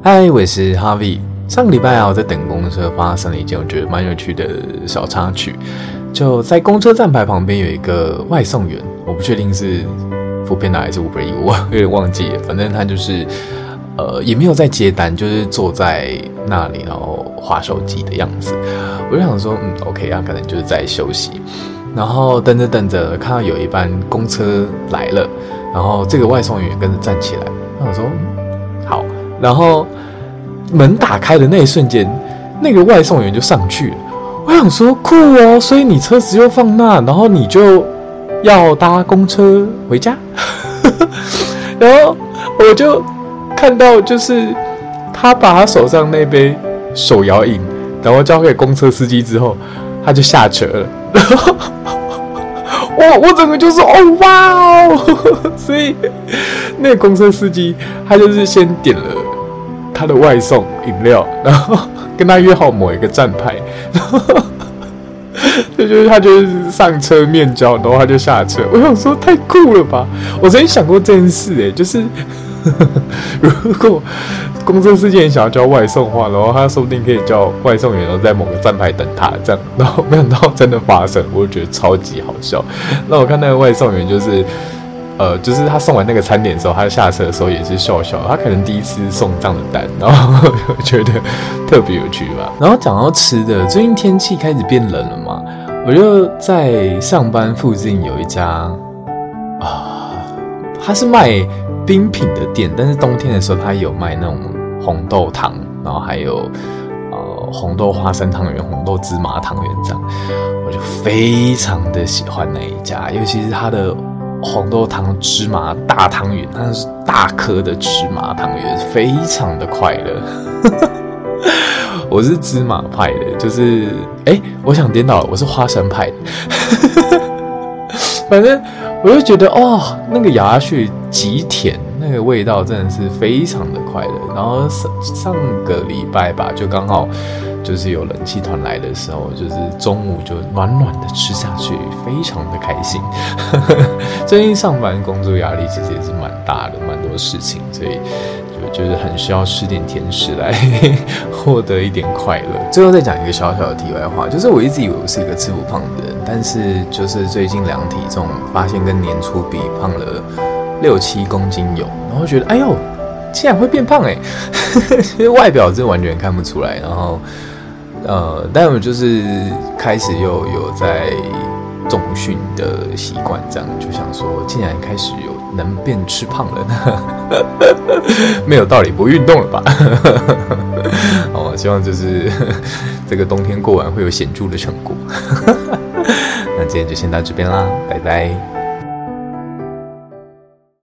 嗨，Hi, 我是 Harvie。上個禮拜啊，我在等公車，發生了一件我覺得蠻有趣的小插曲。就在公車站牌旁邊有一個外送員，我不確定是 foodpanda 還是 Uber Eats, 我有點忘記。反正他就是呃，也沒有在接單，就是坐在那裡然後滑手機的樣子。我就想說，嗯，OK，啊，他可能就是在休息。然後等着等着，看到有一班公車來了，然後這個外送員也跟着站起來，那我說：“好。”然後門打開的那一瞬間，那個外送員就上去了。我想說酷哦，所以你車子就放那，然後你就要搭公車回家。 然後我就看到，就是他把他手上那杯手搖飲，然後交給公車司機之後，他就下車了。然 後我，我整個就說，是，哦哇哦， 所以那個公車司機他就是先點了。他的外送飲料，然後跟他約好某一個站牌，然後，就，就他就上車面交，然後他就下車。我想說太酷了吧！我曾經想過這件事，欸，就是呵呵如果工作時間想要叫外送的話，然後他說不定可以叫外送員然後在某個站牌等他這樣，然後沒想到真的發生，我就覺得超級好笑。那我看那個外送員就是。呃，就是他送完那個餐點的時候，他下車的時候也是笑笑，他可能第一次送這樣的單，然後我 覺得特別有趣吧。然後講到吃的，最近天氣開始變冷了嘛，我就在上班附近有一家啊、呃，它是賣冰品的店，但是冬天的時候它有賣那種紅豆湯，然後還有呃紅豆花生湯圓、紅豆芝麻湯圓這樣，我就非常的喜歡那一家，尤其是它的。紅豆湯、芝麻大湯圓，那是大顆的芝麻湯圓，非常的快樂。 我是芝麻派的，就是哎、欸，我想顛倒了，我是花生派的。 反正我就覺得，哦，那個咬下去極甜。那個味道真的是非常的快樂。然後上上個禮拜吧，就剛好就是有冷氣團來的時候，就是中午就暖暖的吃下去，非常的開心。 最近上班工作壓力其實也是蠻大的，蠻多事情，所以就就是很需要吃點甜食來呵呵獲得一點快樂。最後再講一個小小的題外話，就是我一直以為我是一個吃不胖的人，但是就是最近量體重發現跟年初比胖了。六七公斤有，然後覺得哎呦，竟然會變胖哎、欸，其實外表真完全看不出來。然後呃，但我們就是開始又有，有在重訓的習慣，這樣就想說，竟然開始有能變吃胖了，沒有道理，不運動了吧？好，希望就是這個冬天過完會有顯著的成果。那今天就先到這邊啦，拜拜。